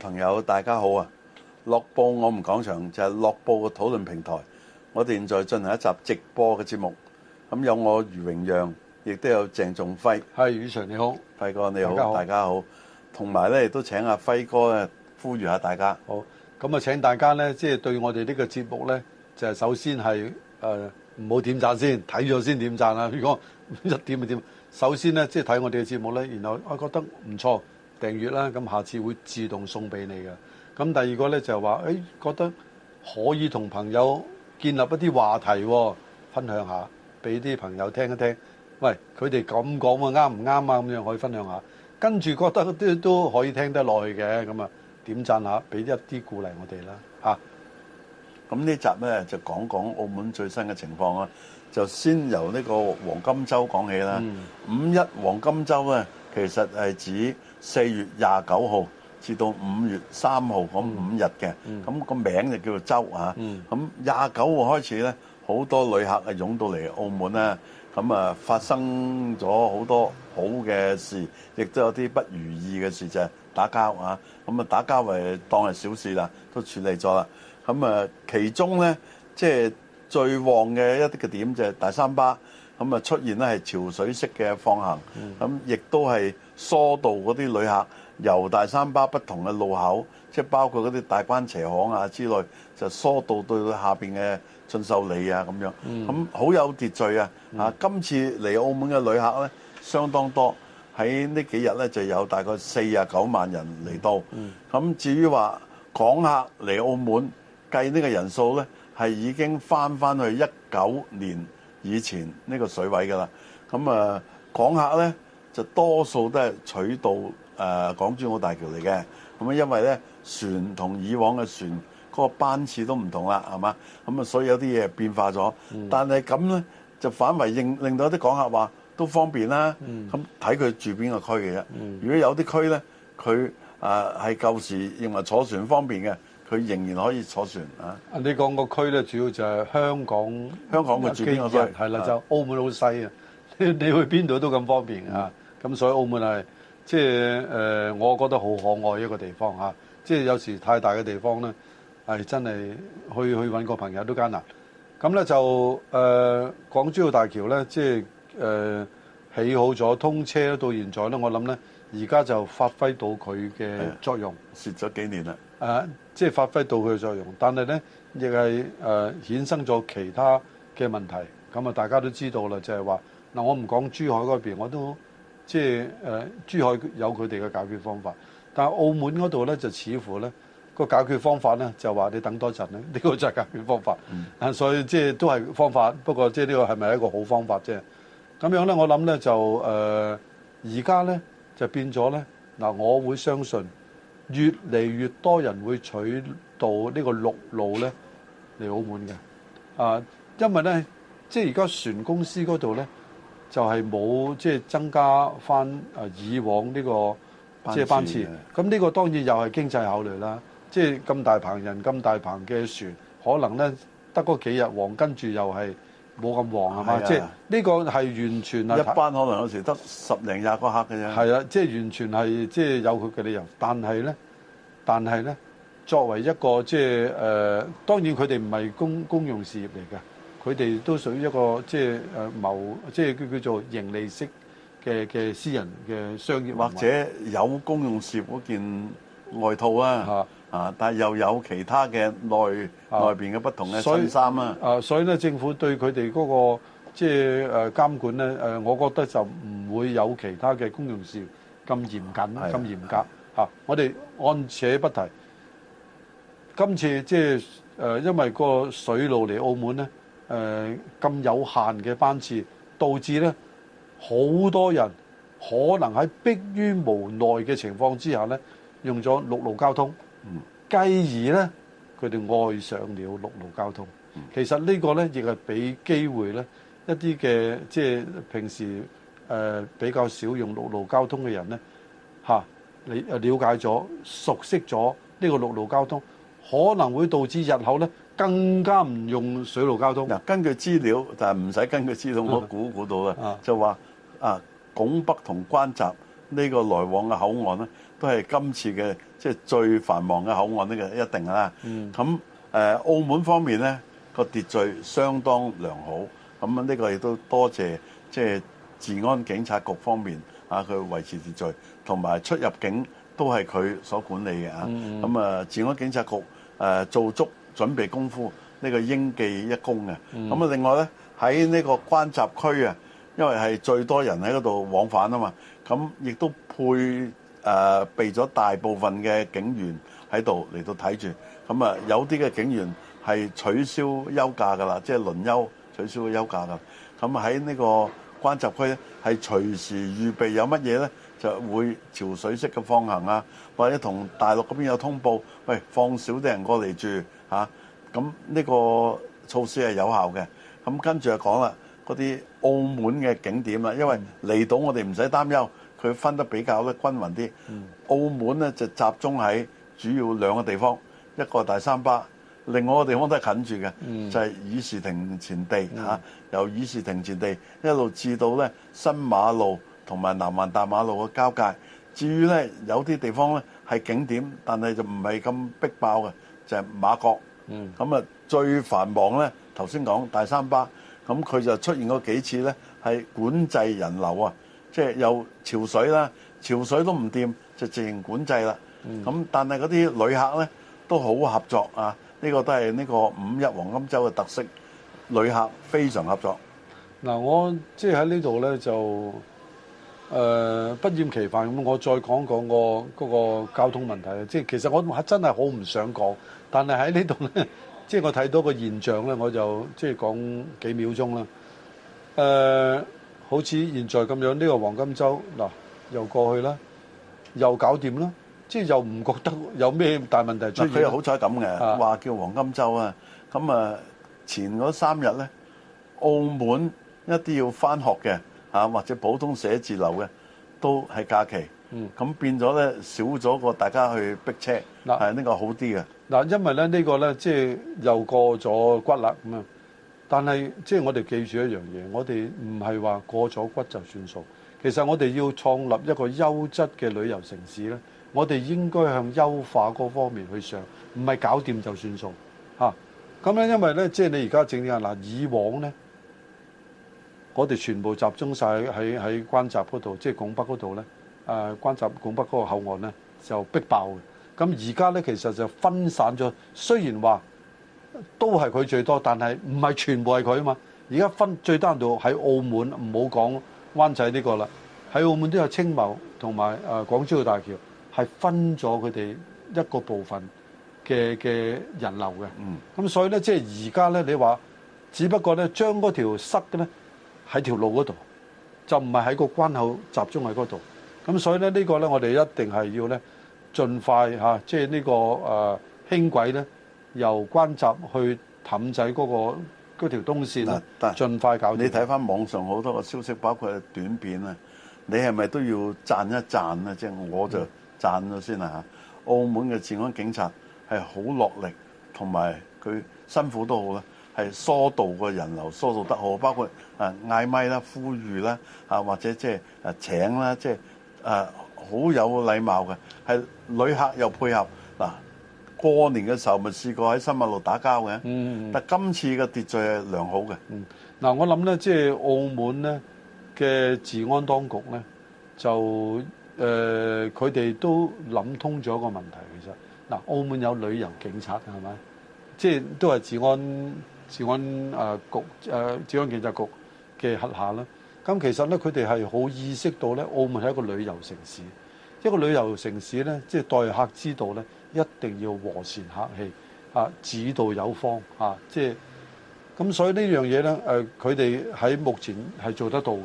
朋友，大家好啊！樂報我們講場就係樂報嘅討論平台，我哋現在進行一集直播嘅節目。咁有我余榮讓，亦都有鄭仲輝。係，余常你好，輝哥你好，大家好。同埋咧，亦都請阿輝哥咧，呼籲下大家好。咁啊，請大，就請大家咧，即係對我哋呢個節目咧，就係首先係誒唔好點贊先，睇咗先點贊啦。如果 一點就點，首先咧即係睇我哋嘅節目咧，然後我覺得唔錯。訂閱啦，咁下次會自動送俾你嘅。咁第二個呢，就係話，誒、哎、覺得可以同朋友建立一啲話題、哦，分享下俾啲朋友聽一聽。喂，佢哋咁講啊啱唔啱啊？咁樣、啊、可以分享下。跟住覺得都都可以聽得落去嘅咁啊，點讚下，俾一啲鼓勵我哋啦嚇。咁、啊、呢集呢，就講講澳門最新嘅情況啊。就先由呢個黃金周講起啦、嗯。五一黃金周咧、啊，其實係指。四月廿九號至到五月三號咁五日嘅，咁個名就叫做周啊。咁廿九號開始咧，好多旅客啊湧到嚟澳門咧，咁啊發生咗好多好嘅事，亦都有啲不如意嘅事就係打交啊。咁啊打交為當係小事啦，都處理咗啦。咁啊其中咧，即係最旺嘅一啲嘅點就係大三巴，咁啊出現咧係潮水式嘅放行，咁亦都係。疏導嗰啲旅客由大三巴不同嘅路口，即係包括嗰啲大關斜巷啊之類，就疏導到下邊嘅進修里啊咁樣，咁、嗯、好有秩序啊！嗯、啊，今次嚟澳門嘅旅客咧，相當多喺呢幾日咧就有大概四廿九萬人嚟到。咁、嗯、至於話港客嚟澳門計呢個人數咧係已經翻返去一九年以前呢個水位㗎啦。咁啊、呃，港客咧。多數都係取道誒、呃、港珠澳大橋嚟嘅，咁啊，因為咧船同以往嘅船嗰、那個班次都唔同啦，係嘛？咁啊，所以有啲嘢變化咗、嗯。但係咁咧，就反為令令到一啲港客話都方便啦。咁睇佢住邊個區嘅啫、嗯。如果有啲區咧，佢誒係舊時認為坐船方便嘅，佢仍然可以坐船啊。你講個區咧，主要就係香港，香港嘅住邊個區係啦，就澳門好細啊。你去邊度都咁方便啊！嗯。咁所以澳門係即係誒，我覺得好可愛一個地方即係、啊就是、有時太大嘅地方咧，係真係去去揾個朋友都艱難。咁咧就誒、呃、港珠澳大橋咧，即係誒起好咗，通車到現在咧，我諗咧而家就發揮到佢嘅作用。蝕、哎、咗幾年啦，啊、呃，即、就、係、是、發揮到佢嘅作用，但係咧亦係誒、呃、衍生咗其他嘅問題。咁啊，大家都知道啦，就係話嗱，我唔講珠海嗰邊，我都。即係誒、呃，珠海有佢哋嘅解決方法，但係澳門嗰度咧就似乎咧、呢個解決方法咧就話你等多陣咧，呢、呢個就係解決方法。啊、嗯，所以即係都係方法，不過即係呢個係咪一個好方法啫？咁樣咧，我諗咧就誒，而家咧就變咗咧嗱，我會相信越嚟越多人會取道呢個陸路咧嚟澳門嘅啊、呃，因為咧即係而家船公司嗰度咧。就係冇即係增加返以往呢個即係班次，咁呢個當然又係經濟考慮啦。即係咁大棚人、咁大棚嘅船，可能咧得嗰幾日旺，跟住又係冇咁旺係嘛？即係呢個係完全啊一班可能有時得十零廿個客嘅啫。係啊，即係完全係即係有佢嘅理由，但係咧，但係咧，作為一個即係誒，當然佢哋唔係公公用事業嚟㗎。佢哋都屬於一個即係誒謀，即係叫叫做盈利式嘅嘅私人嘅商業，或者有公用事業嗰件外套啊，啊，但係又有其他嘅內內邊嘅不同嘅新衫啊。啊，所以咧，政府對佢哋嗰個即係誒監管咧，誒，我覺得就唔會有其他嘅公用事業咁嚴謹啦，咁嚴格嚇。我哋按且不提，今次即係誒，因為個水路嚟澳門咧。誒，咁有限嘅班次，導致呢，好多人，更加唔用水路交通嗱，根據資料，但係唔使根據資料，我估估到嘞、嗯啊、就話啊，拱北同關閘呢個來往嘅口岸呢，都係今次嘅即係最繁忙嘅口岸，呢個一定啦。咁、嗯、誒、呃，澳門方面呢個秩序相當良好，咁呢個亦都多謝即係、就是、治安警察局方面啊，佢維持秩序，同埋出入境都係佢所管理嘅。咁啊，治安警察局誒、呃、做足。準備功夫呢個應記一功嘅咁啊！另外呢，喺呢個關閘區啊，因為係最多人喺嗰度往返啊嘛，咁亦都配誒備咗大部分嘅警員喺度嚟到睇住。咁啊，有啲嘅警員係取消休假噶啦，即係輪休取消咗休假噶。咁喺呢個關閘區呢，係隨時預備有乜嘢呢？就會潮水式嘅放行啊，或者同大陸嗰邊有通報，喂，放少啲人過嚟住。嚇、啊，咁呢個措施係有效嘅。咁、啊、跟住就講啦，嗰啲澳門嘅景點啦，因為離島我哋唔使擔憂，佢分得比較咧均勻啲、嗯。澳門咧就集中喺主要兩個地方，一個大三巴，另外個地方都係近住嘅、嗯，就係議事亭前地嚇、嗯啊，由議事亭前地一路至到咧新馬路同埋南灣大馬路嘅交界。至於咧有啲地方咧係景點，但係就唔係咁逼爆嘅。就係、是、媽閣，咁、嗯、啊，最繁忙咧。頭先講大三巴，咁佢就出現過幾次咧，係管制人流啊，即係有潮水啦，潮水都唔掂，就直型管制啦。咁、嗯、但係嗰啲旅客咧都好合作啊，呢、這個都係呢個五一黃金周嘅特色，旅客非常合作。嗱、啊，我即係喺呢度咧就誒、呃、不厭其煩咁，我再講講、那個嗰、那個交通問題啊。即、就、係、是、其實我真係好唔想講。但係喺呢度咧，即係我睇到個現象咧，我就即係講幾秒鐘啦。誒、呃，好似現在咁樣，呢、這個黃金週嗱又過去啦，又搞掂啦，即係又唔覺得有咩大問題出現。嗱，佢又好彩咁嘅，話叫黃金週啊。咁啊，前嗰三日咧，澳門一啲要翻學嘅，或者普通寫字樓嘅都係假期。嗯，咁變咗咧，少咗個大家去逼車，係呢個好啲嘅。嗱，因為咧呢個咧，即係又過咗骨啦咁樣，但係即係我哋記住一樣嘢，我哋唔係話過咗骨就算數。其實我哋要創立一個優質嘅旅遊城市咧，我哋應該向優化嗰方面去上，唔係搞掂就算數嚇。咁咧，因為咧，即係你而家整嘅嗱，以往咧，我哋全部集中晒喺喺關閘嗰度，即係拱北嗰度咧。誒、呃、關閘拱北嗰個口岸咧就逼爆嘅，咁而家咧，其實就分散咗。雖然話都係佢最多，但係唔係全部係佢啊嘛。而家分，最低限度喺澳門，唔好講灣仔呢個啦。喺澳門都有青茂同埋誒港珠澳大橋，係分咗佢哋一個部分嘅嘅人流嘅。嗯，咁所以咧，即係而家咧，你話只不過咧，將嗰條塞嘅咧喺條路嗰度，就唔係喺個關口集中喺嗰度。咁所以咧，呢個咧，我哋一定係要咧，盡快嚇，即係呢個誒、啊、輕軌咧，由關閘去氹仔嗰個嗰條東線啊，盡快搞掂。你睇翻網上好多個消息，包括短片啊，你係咪都要讚一讚，即係我就讚咗先啦、啊嗯、澳門嘅治安警察係好落力，同埋佢辛苦都好啦，係疏導個人流疏導得好，包括誒嗌咪啦、呼籲啦啊，或者即係誒請啦，即係。誒、啊、好有禮貌嘅，係旅客又配合嗱、啊，過年嘅時候咪試過喺新馬路打交嘅、嗯嗯，但今次嘅秩序係良好嘅。嗱、嗯嗯啊，我諗咧，即係澳門咧嘅治安當局咧，就誒佢哋都諗通咗一個問題。其實嗱、啊，澳門有旅遊警察係咪？即係都係治安治安誒、呃、局誒、呃、治安警察局嘅轄下啦。咁其實咧，佢哋係好意識到咧，澳門係一個旅遊城市，一個旅遊城市咧，即係待客之道咧，一定要和善客氣，嚇，指導有方，嚇，即係咁，所以呢樣嘢咧，誒，佢哋喺目前係做得到嘅。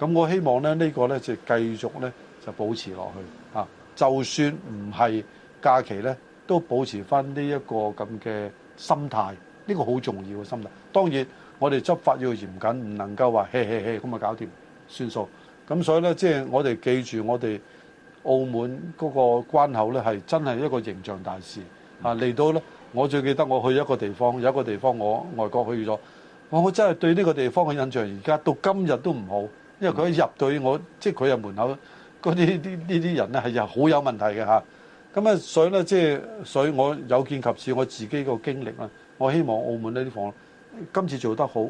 咁我希望咧，呢個咧就繼續咧就保持落去，嚇，就算唔係假期咧，都保持返呢一個咁嘅心態，呢個好重要嘅心態。當然。我哋執法要嚴謹，唔能夠話，嘿嘿嘿，咁咪搞掂算數。咁所以呢，即係我哋記住，我哋澳門嗰個關口呢，係真係一個形象大事。啊，嚟到呢，我最記得我去一個地方，有一個地方我外國去咗，我真係對呢個地方嘅印象，而家到今日都唔好，因為佢入對我，即係佢入門口嗰啲呢呢啲人呢，係又好有問題嘅嚇。咁啊，所以呢，即係所以，我有見及此，我自己個經歷啦，我希望澳門呢啲房。今次做得好，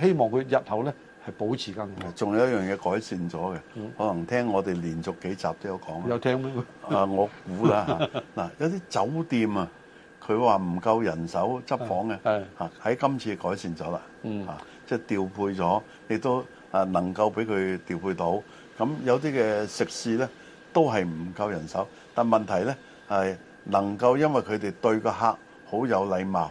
希望佢日後咧係保持緊。仲有一樣嘢改善咗嘅，可能聽我哋連續幾集都有講。有聽咩？啊，我估啦嚇。嗱，有啲酒店啊，佢話唔夠人手執房嘅，係嚇，喺今次改善咗啦。嗯，嚇，即係調配咗，亦都啊能夠俾佢調配到。咁有啲嘅食肆咧都係唔夠人手，但問題咧係能夠因為佢哋對個客好有禮貌。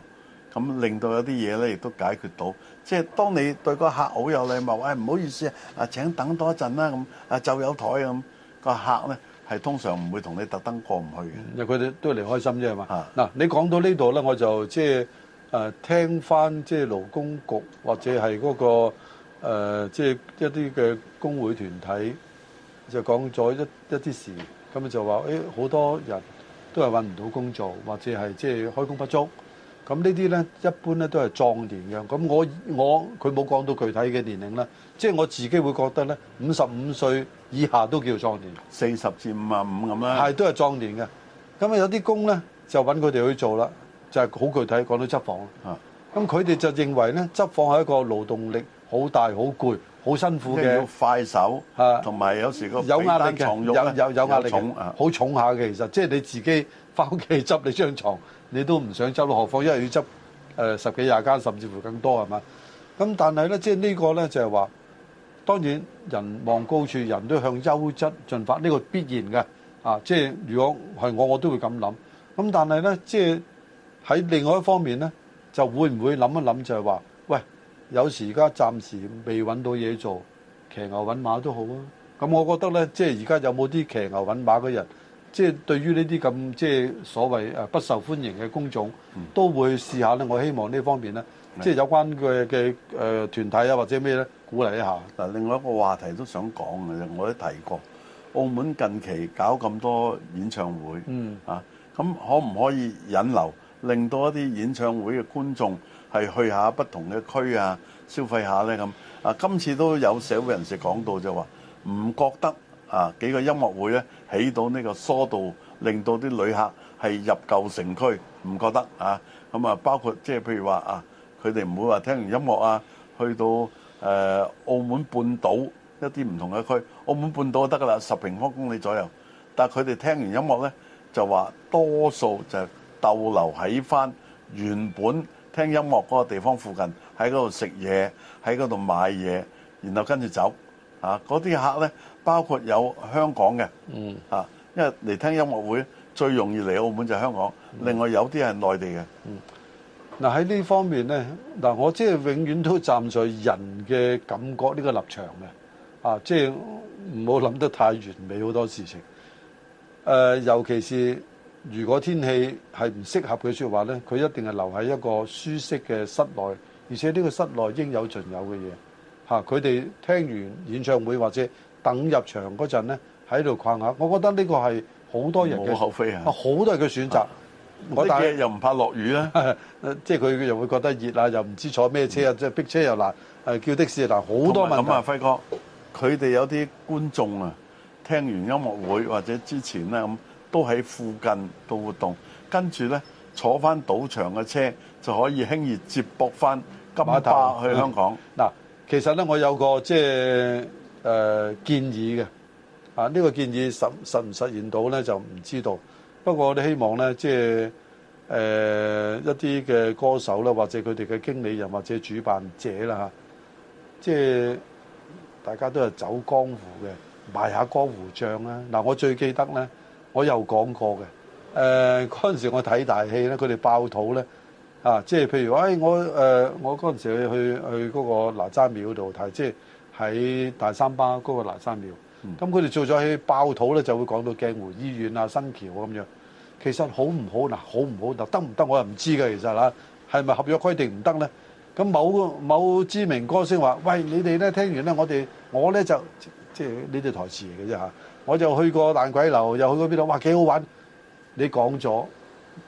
咁令到有啲嘢咧，亦都解決到。即係當你對個客好有禮貌，誒唔好意思啊，啊請等多一陣啦咁，啊就有台咁個客咧，係通常唔會同你特登過唔去嘅。因為佢哋都嚟開心啫嘛。嗱、啊，你講到呢度咧，我就即係誒聽翻即係勞工局或者係嗰個即係一啲嘅工會團體就講咗一一啲事，咁咪就話誒好多人都係揾唔到工作，或者係即係開工不足。咁呢啲咧，一般咧都係壯年嘅。咁我我佢冇講到具體嘅年齡啦，即係我自己會覺得咧，五十五歲以下都叫做壯年。四十至五十五咁樣。係都係壯年嘅。咁啊有啲工咧就揾佢哋去做啦，就係好具體講到執房啦。嚇！咁佢哋就認為咧，執房係一個勞動力好大好攰。好辛苦嘅，你要快手，同、啊、埋有時個背身重喐，有有有壓力，好重，重下嘅。其實即係你自己翻屋企執你張床，你都唔想執到，何況因為要執誒十幾廿間，甚至乎更多係嘛？咁但係咧，即係呢個咧就係、是、話，當然人望高處，人都向優質進發，呢、這個必然嘅啊！即係如果係我，我都會咁諗。咁但係咧，即係喺另外一方面咧，就會唔會諗一諗就係話？有時而家暫時未揾到嘢做，騎牛揾馬都好啊。咁我覺得呢，即係而家有冇啲騎牛揾馬嘅人，即係對於呢啲咁即係所謂誒不受歡迎嘅工種，都會試下咧。我希望呢方面呢，即係有關佢嘅誒團體啊或者咩呢，鼓勵一下。嗱，另外一個話題都想講嘅啫，我都提過，澳門近期搞咁多演唱會，嗯啊，咁可唔可以引流？令到一啲演唱會嘅觀眾係去下不同嘅區啊，消費下呢。咁。啊，今次都有社會人士講到就話，唔覺得啊幾個音樂會咧起到呢個疏導，令到啲旅客係入舊城區，唔覺得啊。咁啊，包括即係、就是、譬如話啊，佢哋唔會話聽完音樂啊，去到誒、呃、澳門半島一啲唔同嘅區，澳門半島就得噶啦，十平方公里左右。但係佢哋聽完音樂呢，就話多數就是。逗留喺返原本聽音樂嗰個地方附近，喺嗰度食嘢，喺嗰度買嘢，然後跟住走。啊，嗰啲客呢，包括有香港嘅，嗯，啊，因為嚟聽音樂會最容易嚟澳門就係香港，另外有啲係內地嘅。嗯，嗱喺呢方面呢，嗱我即係永遠都站在人嘅感覺呢個立場嘅，啊，即係唔好諗得太完美好多事情。誒，尤其是。如果天氣係唔適合嘅説話呢，佢一定係留喺一個舒適嘅室內，而且呢個室內應有盡有嘅嘢。嚇、啊，佢哋聽完演唱會或者等入場嗰陣呢，喺度逛下。我覺得呢個係好多人嘅，無可厚非啊，好多人嘅選擇。我但係又唔怕落雨啊！即係佢又會覺得熱啊，又唔知坐咩車啊，即係逼車又難。叫的士又難，好多問題。咁啊，輝哥，佢哋有啲觀眾啊，聽完音樂會或者之前呢。都喺附近度活動，跟住咧坐翻賭場嘅車就可以輕易接駁翻金巴碼頭去香港嗱。其實咧，我有個即係誒建議嘅啊，呢個建議實實唔實現到咧就唔知道。不過我哋希望咧，即係誒一啲嘅歌手咧，或者佢哋嘅經理人或者主辦者啦嚇，即係大家都係走江湖嘅，賣下江湖醬啦。嗱，我最記得咧。我又講過嘅，誒嗰陣時我睇大戲咧，佢哋爆肚咧，啊，即係譬如，誒、哎、我誒、呃、我嗰陣時去去去嗰個哪吒廟度睇，即係喺大三巴嗰個哪吒廟，咁佢哋做咗去爆肚咧，就會講到鏡湖醫院啊、新橋咁樣，其實好唔好嗱，好唔好，得唔得我又唔知嘅，其實啦，係咪合約規定唔得咧？咁某某知名歌星話：喂，你哋咧聽完咧，我哋我咧就即係呢啲台詞嚟嘅啫嚇。我就去過爛鬼樓，又去過邊度？哇，幾好玩！你講咗，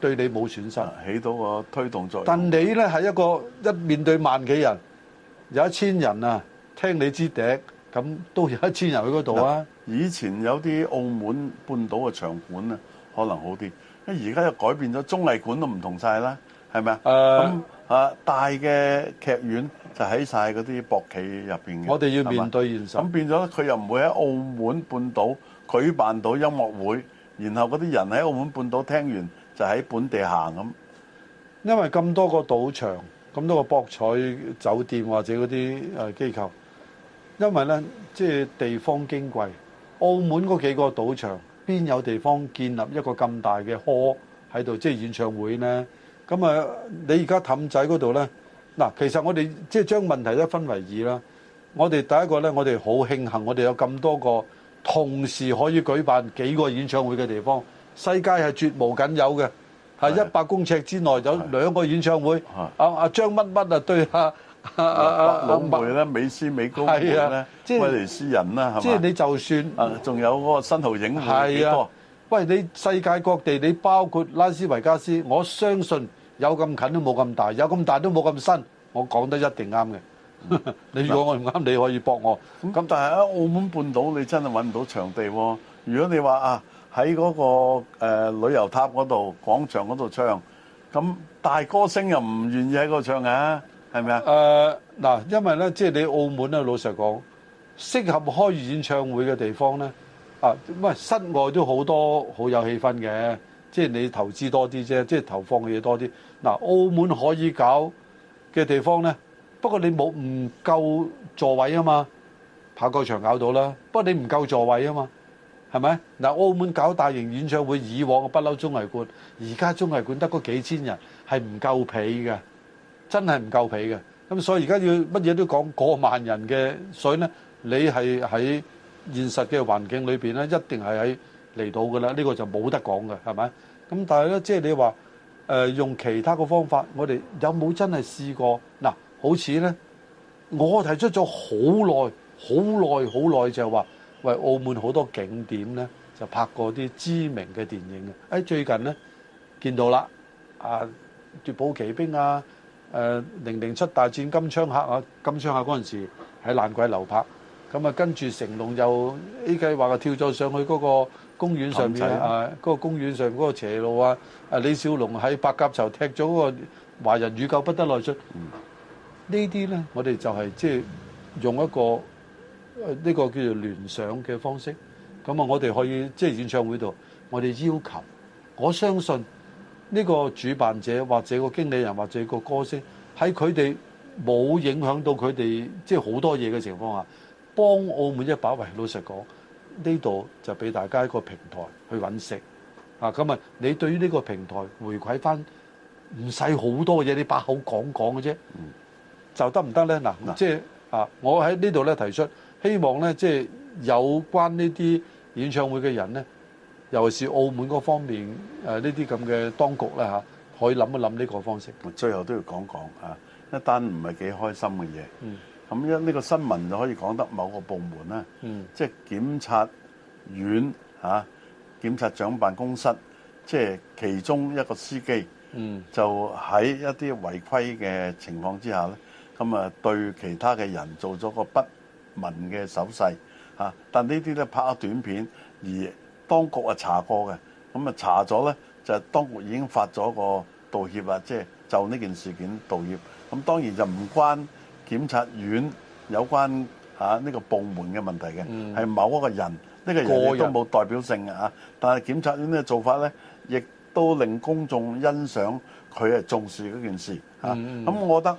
對你冇損失，起到個推動作用。但你呢，係一個一面對一萬幾人，有一千人啊，聽你支笛，咁都有一千人去嗰度啊！以前有啲澳門半島嘅場館啊，可能好啲，因為而家又改變咗，綜藝館都唔同晒啦，係咪啊？Uh... 啊！大嘅劇院就喺曬嗰啲博企入面嘅，我哋要面對現實。咁變咗，佢又唔會喺澳門半島舉辦到音樂會，然後嗰啲人喺澳門半島聽完就喺本地行咁。因為咁多個賭場、咁多個博彩酒店或者嗰啲誒機構，因為呢，即係地方矜貴，澳門嗰幾個賭場邊有地方建立一個咁大嘅科喺度，即係演唱會呢。咁啊，你而家氹仔嗰度咧，嗱，其實我哋即係將問題一分為二啦。我哋第一個咧，我哋好慶幸，我哋有咁多個同時可以舉辦幾個演唱會嘅地方，世界係絕無僅有嘅，係一百公尺之內有兩個演唱會。阿阿張乜乜啊，對啊，阿阿阿老妹咧，美斯美高梅咧，威尼斯人啦，即係你就算，仲有嗰個新濠影匯幾多？喂，你世界各地你包括拉斯維加斯，我相信有咁近都冇咁大，有咁大都冇咁新，我講得一定啱嘅。 你如果我唔啱，嗯，你可以駁我。咁，嗯、但係喺澳門半島，你真係揾唔到場地喎，哦。如果你話啊喺嗰，那個，呃、旅遊塔嗰度廣場嗰度唱，咁大歌星又唔願意喺嗰度唱嘅，係咪啊？誒嗱，呃，因為咧，即、就、係、是、你澳門咧，老實講適合開演唱會嘅地方咧。啊，室外都好多好有氣氛嘅，即係你投資多啲啫，即係投放嘅嘢多啲。嗱、啊，澳門可以搞嘅地方呢，不過你冇唔夠座位啊嘛，跑個場搞到啦。不過你唔夠座位啊嘛，係咪？嗱、啊，澳門搞大型演唱會，以往我不嬲綜藝館，而家綜藝館得嗰幾千人係唔夠皮嘅，真係唔夠皮嘅。咁所以而家要乜嘢都講過萬人嘅，所以呢，你係喺。.現實嘅環境裏邊咧，一定係喺嚟到噶啦，呢個就冇得講嘅，係咪？咁但係咧，即係你話誒用其他嘅方法，我哋有冇真係試過？嗱，好似咧，我提出咗好耐、好耐、好耐就係話，喂，澳門好多景點咧，就拍過啲知名嘅電影嘅。誒，最近咧，見到啦，啊奪寶奇兵啊，誒零零七大戰金槍客啊，金槍客嗰陣時喺爛鬼樓拍。咁啊，跟住成龍又 A 計劃啊，跳咗上去嗰個公園上面啊，嗰個公園上嗰個斜路啊，啊李小龍喺百甲頭踢咗個華人與狗不得內出。嗯，呢啲呢，我哋就係即係用一個呢個叫做聯想嘅方式。咁啊，我哋可以即係演唱會度，我哋要求，我相信呢個主辦者或者個經理人或者個歌星喺佢哋冇影響到佢哋即係好多嘢嘅情況下。幫澳門一把，喂！老實講，呢度就俾大家一個平台去揾食，啊咁啊！你對於呢個平台回饋翻，唔使好多嘢，你把口講講嘅啫，就得唔得咧？嗱、啊嗯嗯，即係啊，我喺呢度咧提出希望咧，即係有關呢啲演唱會嘅人咧，尤其是澳門嗰方面誒呢啲咁嘅當局呢，啊、可以諗一諗呢個方式。我最後都要講講啊，一單唔係幾開心嘅嘢。嗯咁呢個新聞就可以講得某個部門即係、嗯、檢察院嚇、啊，檢察長辦公室，即、就、係、是、其中一個司機，嗯、就喺一啲違規嘅情況之下咧，咁啊對其他嘅人做咗個不文嘅手勢嚇、啊，但呢啲咧拍咗短片，而當局啊查過嘅，咁啊查咗咧就係、當局已經發咗個道歉啊，即係就呢、是、件事件道歉。咁當然就唔關。檢察院有關嚇呢、啊，這個部門嘅問題嘅，係、嗯、某一個人呢、這個人都冇代表性啊。但係檢察院呢個做法咧，亦都令公眾欣賞佢係重視嗰件事嗯嗯啊，咁我覺得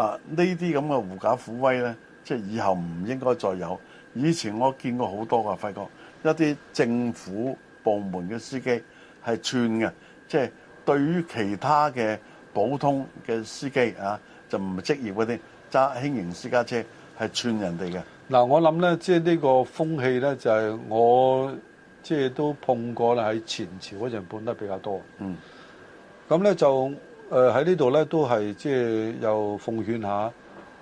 啊，呢啲咁嘅狐假虎威咧，即、就、係、是、以後唔應該再有。以前我見過好多個輝哥一啲政府部門嘅司機係串嘅，即、就、係、是、對於其他嘅普通嘅司機啊，就唔職業嗰啲。揸輕型私家車係串人哋嘅嗱，我諗咧，即係呢個風氣咧，就係、是、我即係都碰過啦。喺前朝嗰陣碰得比較多，嗯，咁咧就誒喺、呃、呢度咧都係即係又奉勸一下誒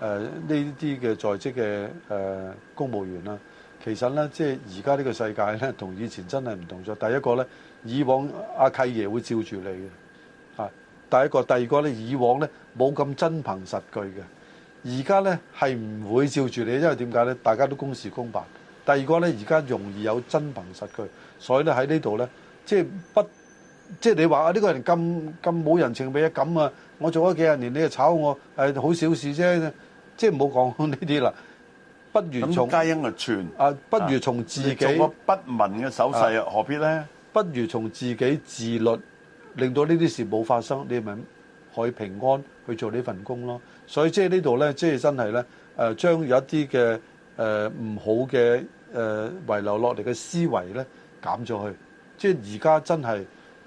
呢啲嘅在職嘅誒、呃、公務員啦。其實咧，即係而家呢個世界咧，同以前真係唔同咗。第一個咧，以往阿契爺會照住你嘅啊。第一個，第二個咧，以往咧冇咁真憑實據嘅。而家咧係唔會照住你，因為點解咧？大家都公事公辦。第二個咧，而家容易有真憑實據，所以咧喺呢度咧，即係不即係你話啊，呢、呢個人咁咁冇人情味啊，咁啊，我做咗幾十年，你又炒我、哎，好小事啫，即係唔好講呢啲啦。不如從皆因啊傳啊，不如從自己、啊、做個不聞嘅手勢、啊啊，何必咧？不如從自己自律，令到呢啲事冇發生，你明？去平安去做呢份工咯，所以即係呢度咧，即係真係咧，誒將有一啲嘅誒唔好嘅誒遺留落嚟嘅思維咧減咗去，即係而家真係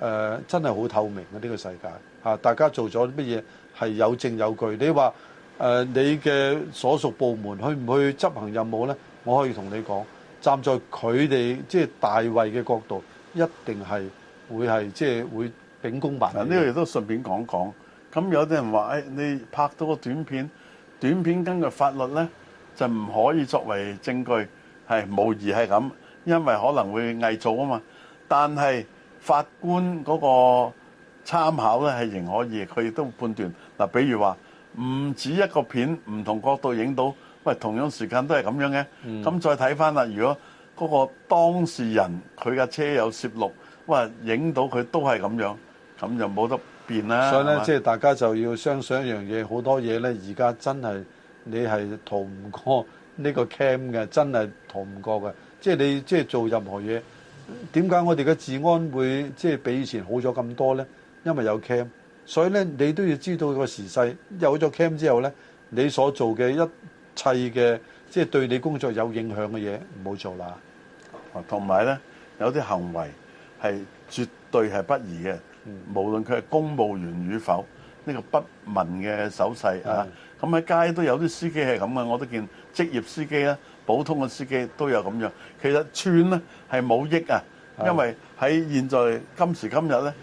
誒真係好透明嘅呢個世界嚇，大家做咗啲乜嘢係有證有據，你話誒你嘅所屬部門去唔去執行任務咧？我可以同你講，站在佢哋即係大衛嘅角度，一定係會係即係會秉公辦。呢個亦都順便講講。咁有啲人話，誒，你拍到個短片，短片根據法律咧就唔可以作為證據，係無疑係咁，因為可能會偽造啊嘛。但係法官嗰個參考咧係仍可以，佢亦都判斷。嗱，比如話唔止一個片，唔同角度影到，喂，同樣時間都係咁樣嘅。咁再睇翻啦，如果嗰個當事人佢架車有攝錄，喂，影到佢都係咁樣，咁就冇得變啦，所以咧，即係大家就要相信一樣嘢，好多嘢咧，而家真係你係逃唔過呢個 cam 嘅，真係逃唔過嘅。即係你即係做任何嘢，點解我哋嘅治安會即係比以前好咗咁多呢？因為有 cam，所以咧你都要知道個時勢。有咗 cam 之後咧，你所做嘅一切嘅即係對你工作有影響嘅嘢，唔好做啦。同埋咧，有啲行為係絕對係不宜嘅。無論佢係公務員與否，呢個不文嘅手勢啊，咁喺街都有啲司機係咁嘅，我都見職業司機啦、普通嘅司機都有咁樣。其實串咧係冇益啊，因為喺現在今時今日咧，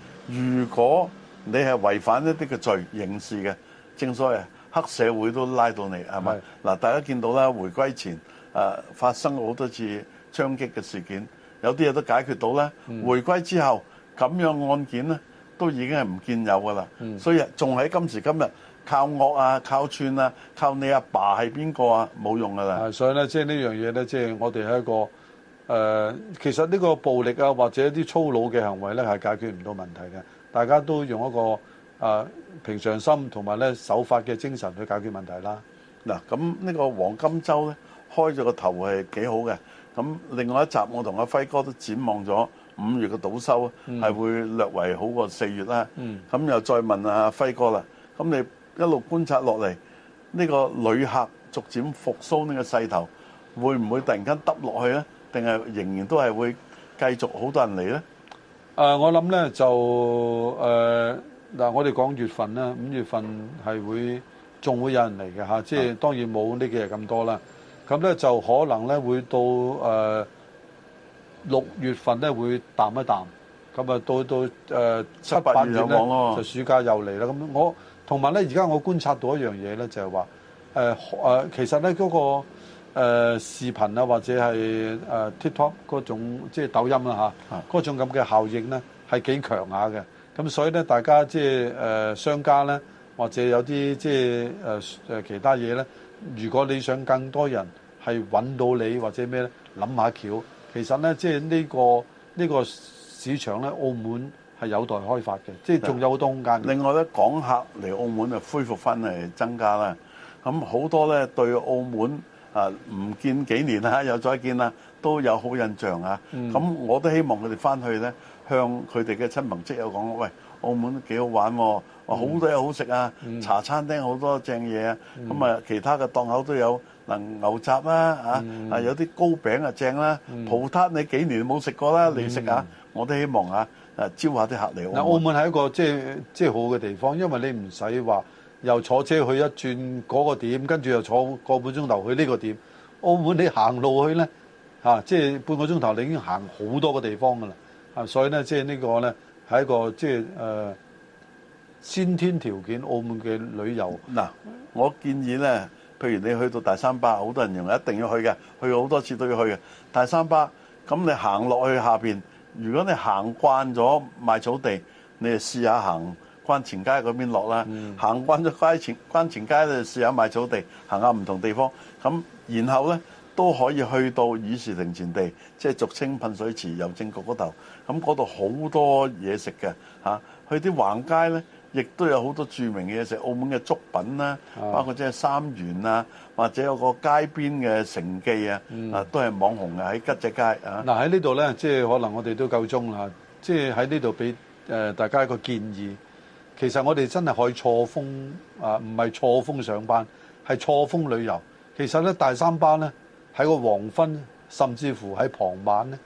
如果你係違反一啲嘅罪刑事嘅，正所謂黑社會都拉到你係咪？嗱，大家見到啦，回歸前啊發生好多次槍擊嘅事件，有啲嘢都解決到咧。回歸之後咁樣案件咧。都已經係唔見有㗎啦。嗯，所以仲喺今時今日靠惡啊、靠串啊、靠你阿爸係邊個啊，冇用㗎啦。係，所以咧，即係呢樣嘢呢，即係我哋係一個誒，其實呢個暴力啊，或者啲粗魯嘅行為呢，係解決唔到問題嘅。大家都用一個誒平常心同埋呢守法嘅精神去解決問題啦。嗱，咁呢個黃金週呢，開咗個頭係幾好嘅。咁另外一集我同阿輝哥都展望咗。五月嘅倒收係會略為好過四月啦，咁又再問阿輝哥啦。咁你一路觀察落嚟，呢個旅客逐漸復甦呢個勢頭，會唔會突然間耷落去咧？定係仍然都係會繼續好多人嚟咧？誒，我諗咧就誒，嗱，我哋講月份咧，五月份係會仲會有人嚟嘅嚇，即係當然冇呢幾日咁多啦。咁咧就可能咧會到誒。六月份咧會淡一淡，咁啊到到誒、呃、七八月咧就暑假又嚟啦。咁、啊、我同埋咧，而家我觀察到一樣嘢咧，就係話誒誒，其實咧嗰、嗰個誒、呃、視頻啊，或者係誒、呃、TikTok 嗰種即係、就是、抖音啦、啊、嚇，嗰種咁嘅效應咧係幾強下嘅。咁所以咧，大家即係誒商家咧，或者有啲即係誒誒其他嘢咧，如果你想更多人係揾到你或者咩咧，諗下橋。其實呢，即係、呢、呢個呢、呢個市場呢，澳門係有待開發嘅，即係仲有好多空間。另外呢，港客嚟澳門就恢復翻嚟增加啦。咁好多呢，對澳門啊，唔見幾年啦、啊，又再見啦，都有好印象啊。咁我都希望佢哋翻去呢，向佢哋嘅親朋戚友講：喂，澳門幾好玩喎！啊，嗯、多好多嘢好食啊、嗯，茶餐廳好多正嘢啊。咁、嗯、啊，其他嘅檔口都有。嗱，牛雜啦、啊、嚇、嗯，啊有啲糕餅又正啦、啊嗯，葡撻你幾年冇食過啦、啊，你食下、嗯、我都希望啊，啊招下啲客嚟。澳門係一個即係即係好嘅地方，因為你唔使話又坐車去一轉嗰個點，跟住又坐個半鐘頭去呢個點。澳門你行路去呢，嚇、啊，即、就、係、是、半個鐘頭你已經行好多個地方噶啦。啊，所以呢，即係呢個呢，係一個即係誒先天條件，澳門嘅旅遊。嗱、啊，我建議呢。譬如你去到大三巴，好多人認為一定要去嘅，去好多次都要去嘅。大三巴，咁你行落去下邊，如果你行慣咗賣草地，你就試下行關前街嗰邊落啦。行、嗯、慣咗關前關前街咧，試下賣草地，行下唔同地方，咁然後咧都可以去到議事亭前地，即係俗稱噴水池郵政局嗰度。咁嗰度好多嘢食嘅嚇、啊，去啲橫街咧。亦都有好多著名嘅嘢食，澳門嘅粥品啦、啊，包括即係三元啊，或者有個街邊嘅成記啊，啊都係網紅啊喺吉仔街啊。嗱喺呢度咧，即係可能我哋都夠鐘啦，即係喺呢度俾誒大家一個建議。其實我哋真係可以錯峰啊，唔係錯峰上班，係錯峰旅遊。其實咧，大三巴咧喺個黃昏，甚至乎喺傍晚咧，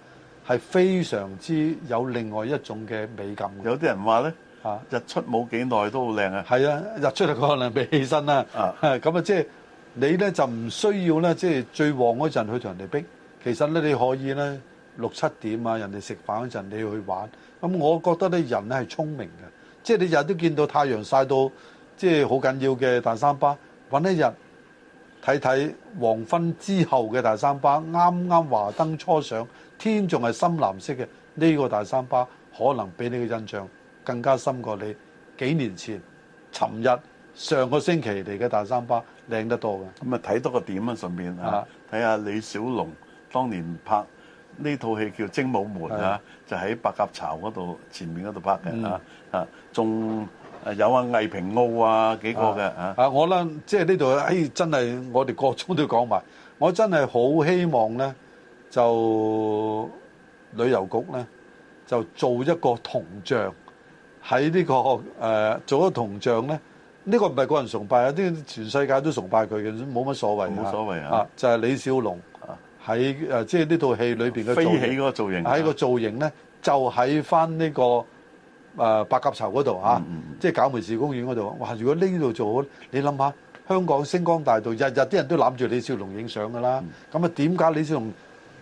係非常之有另外一種嘅美感。有啲人話咧。啊！日出冇幾耐都好靚啊！係啊，日出就可能俾起身啦、啊。啊，咁啊，即係你咧就唔需要咧，即係最旺嗰陣去同人哋逼。其實咧，你可以咧六七點啊，人哋食飯嗰陣你要去玩。咁、嗯、我覺得咧，人咧係聰明嘅，即、就、係、是、你日都見到太陽曬到，即係好緊要嘅大三巴。搵一日睇睇黃昏之後嘅大三巴，啱啱華燈初上，天仲係深藍色嘅呢、這個大三巴，可能俾你嘅印象，更加深過你幾年前、尋日、上個星期嚟嘅大三巴靚得多嘅。咁啊，睇多個點啊，順便啊，睇、啊、下李小龍當年拍呢套戲叫《精武門》啊，啊就喺白鴿巢嗰度前面嗰度拍嘅啊啊，仲、嗯啊、有啊魏平澳啊幾個嘅啊啊，啊，啊，我諗即係呢度，哎真係我哋各種都講埋，我真係好希望咧就旅遊局咧就做一個銅像。喺呢、這個誒、呃、做咗銅像咧，呢、這個唔係個人崇拜，啲全世界都崇拜佢嘅，冇乜所謂的。冇所謂啊！啊，就係、是、李小龍喺誒，即係呢套戲裏邊嘅飛起嗰個造型，喺個造型咧就喺翻呢個誒白、呃、鴿巢嗰度啊！嗯嗯即係賈梅士公園嗰度。哇！如果呢度做好，你諗下，香港星光大道日日啲人都攬住李小龍影相噶啦。咁啊，點解李小龍？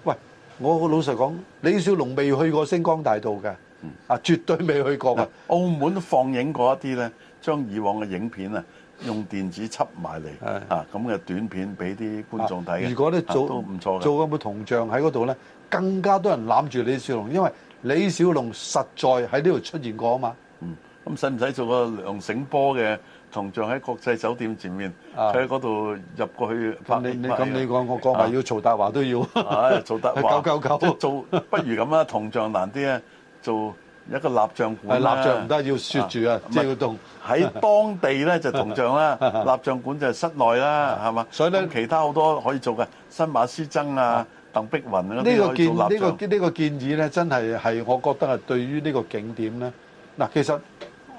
喂，我老實講，李小龍未去過星光大道嘅。嗯，啊，絕對未去過噶、嗯。澳門放映過一啲咧，將以往嘅影片啊，用電子輯埋嚟，啊咁嘅短片俾啲觀眾睇、啊。如果你做，啊、唔錯，做咁個銅像喺嗰度咧，更加多人攬住李小龍，因為李小龍實在喺呢度出現過啊嘛。嗯，咁使唔使做個梁醒波嘅銅像喺國際酒店前面？喺嗰度入過去拍咁、啊、你你咁你講個講埋要曹達華都要，唉、啊啊，曹達華。搞搞搞做不如咁啊銅像難啲啊。做一個蠟像館啦、啊，蠟像唔得要雪住啊，即、啊、係要凍。喺當地咧就銅像啦、啊啊，蠟像館就係室內啦、啊，係、啊、嘛？所以咧，其他好多可以做嘅，新馬師曾啊，啊、鄧碧雲啊嗰啲可以做蠟像。呢、呢個建呢、呢個呢、呢個建議咧，真係係我覺得係對於呢個景點咧，嗱、啊，其實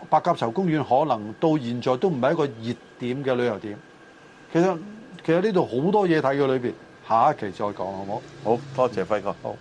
白鴿巢公園可能到現在都唔係一個熱點嘅旅遊點。其實其實呢度好多嘢睇嘅裏邊，下一期再講好唔好？好多謝，謝輝哥。好